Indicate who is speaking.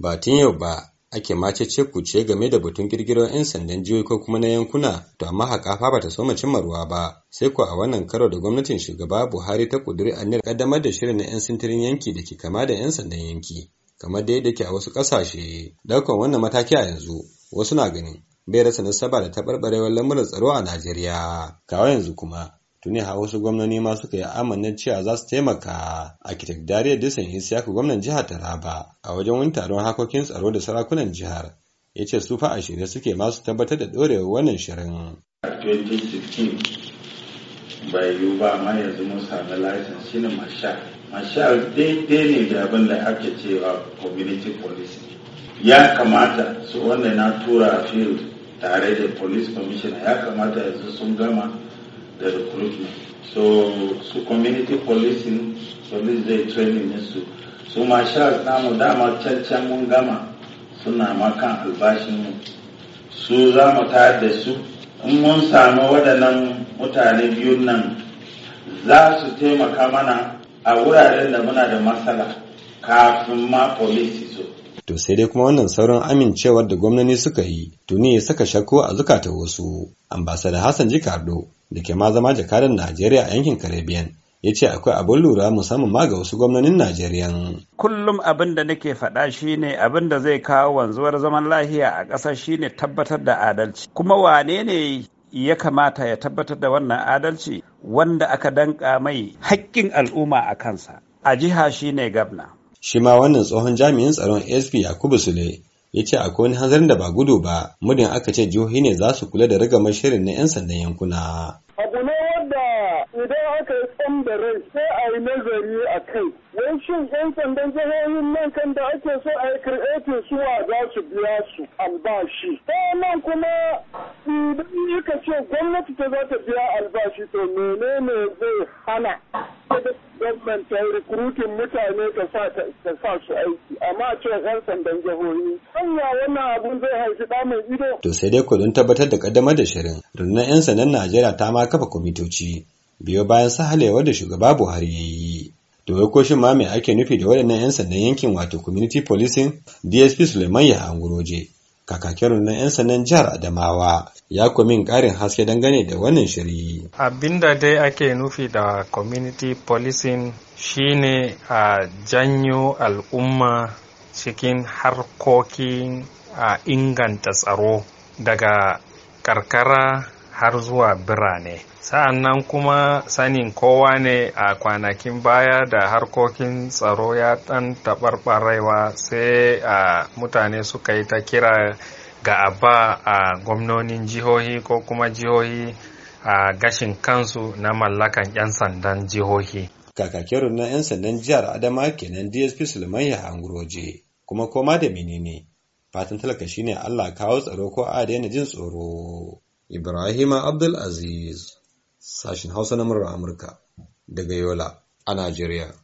Speaker 1: ba tun yau ba ake ku kuce game da batun kirkirar 'yan sandan jihohi ko kuma na yankuna to amma hakafa ba ta soma cimma ruwa ba sai ko a wannan karo da gwamnatin shugaba buhari ta kuduri aniyar kaddamar da shirin na 'yan sintirin yanki da ke kama da 'yan sandan yanki kamar da yadda a wasu ƙasashe daukan wannan mataki a yanzu wasu na ganin bai rasa nasaba da taɓarɓarewar lamuran tsaro a najeriya kawai yanzu kuma tuni ha wasu gwamnoni ma suka yi amanna cewa za su taimaka kitak dariya disan isiyaku gwamnan jihar taraba a wajen wani taron hakokin tsaro da sarakunan jihar ya ce su fa a shirye suke masu tabbatar da ɗorewar wannan shirin.
Speaker 2: a 2016 bai yiwu ba amma yanzu mun sami shi ne marshal marshal daidai ne da abin da ake cewa community police ya kamata su wanda na tura a field tare da police commissioner ya kamata yanzu sun gama the recruitment. So, su community policing, police zai training su. my marshals namu dama cancan mun gama suna makan albashinmu. Su za mu tayar da su. In mun samu waɗannan mutane biyun nan za su taimaka mana a wuraren da muna da matsala kafin ma polisi su.
Speaker 1: To sai dai kuma wannan sauran amincewar da gwamnati suka yi tuni ya saka shakku a zukata wasu. Ambasada Hassan Jikardo da ke ma zama jakadan Najeriya a yankin Caribbean ya ce akwai abin lura musamman ma ga wasu gwamnonin Najeriya.
Speaker 2: Kullum abin da nake faɗa shine abin da zai kawo wanzuwar zaman lahiya a ƙasa shine tabbatar da adalci. Kuma wane ne ya kamata ya tabbatar da wannan adalci wanda aka danka mai haƙƙin al'umma a kansa. A jiha shine gabna.
Speaker 1: Shi ma wannan tsohon jami'in tsaron SP Yakubu Sule ya ce akwai wani hanzarin da ba gudu ba mudin aka ce jihohi ne za su kula da rigamar shirin na 'yan sandan yankuna. abu ne wanda idan aka yi tsam da rai sai a yi nazari a kai wai shin 'yan sandan jihohin nan kan da ake so a yi kirɗetin suwa za su biya su albashi nan kuma idan aka ce gwamnati ta za ta biya albashi to menene zai hana gwamnan ta yi rikrutin mutane ta sa su aiki amma ce yan
Speaker 2: sandan jihohi hanya wannan abun zai haifi da mai ido.
Speaker 1: to sai dai kudin tabbatar da kaddamar da shirin rundunar yan sandan najeriya ta ma kafa kwamitoci biyo bayan sahalewar da shugaba buhari ya yi. to wai ko shin ma me ake nufi da waɗannan yan sandan yankin wato community policing dsp suleiman ya kakakin na 'yan sandan jihar adamawa ya min ƙarin haske dangane da wannan shiri
Speaker 3: abinda dai ake nufi da community policing shine a janyo al'umma cikin harkokin a inganta tsaro daga karkara har zuwa birane sa'annan kuma sanin kowa ne a kwanakin baya da harkokin tsaro ya ɗan taɓarɓarewa sai a mutane suka yi ta kira ga abba a gwamnonin jihohi ko kuma jihohi a gashin kansu na mallakan 'yan sandan jihohi
Speaker 1: kakakin na 'yan sandan jihar adama kenan dsp suleiman ya kuma koma da menene fatan talaka shine allah kawo tsaro ko a daina jin tsoro Ibrahima Abdul Aziz, sashin Hausa na murar Amurka daga Yola a Najeriya.